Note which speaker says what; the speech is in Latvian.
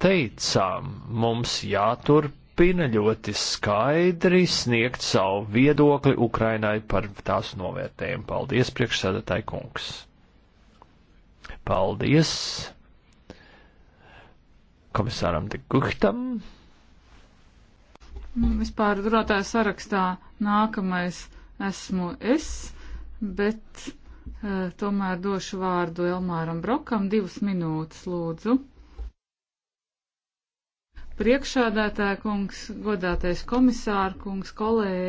Speaker 1: teicām, mums jāturpina ļoti skaidri sniegt savu viedokli Ukrainai par tās novērtējumu. Paldies, priekšsēdētāji kungs! Paldies komisāram Diguhtam!
Speaker 2: Nu, vispār durātāja sarakstā nākamais esmu es, bet e, tomēr došu vārdu Elmāram Brokam divas minūtes, lūdzu priekšādātāja kungs, godātais komisāra kungs,
Speaker 3: kolēģi.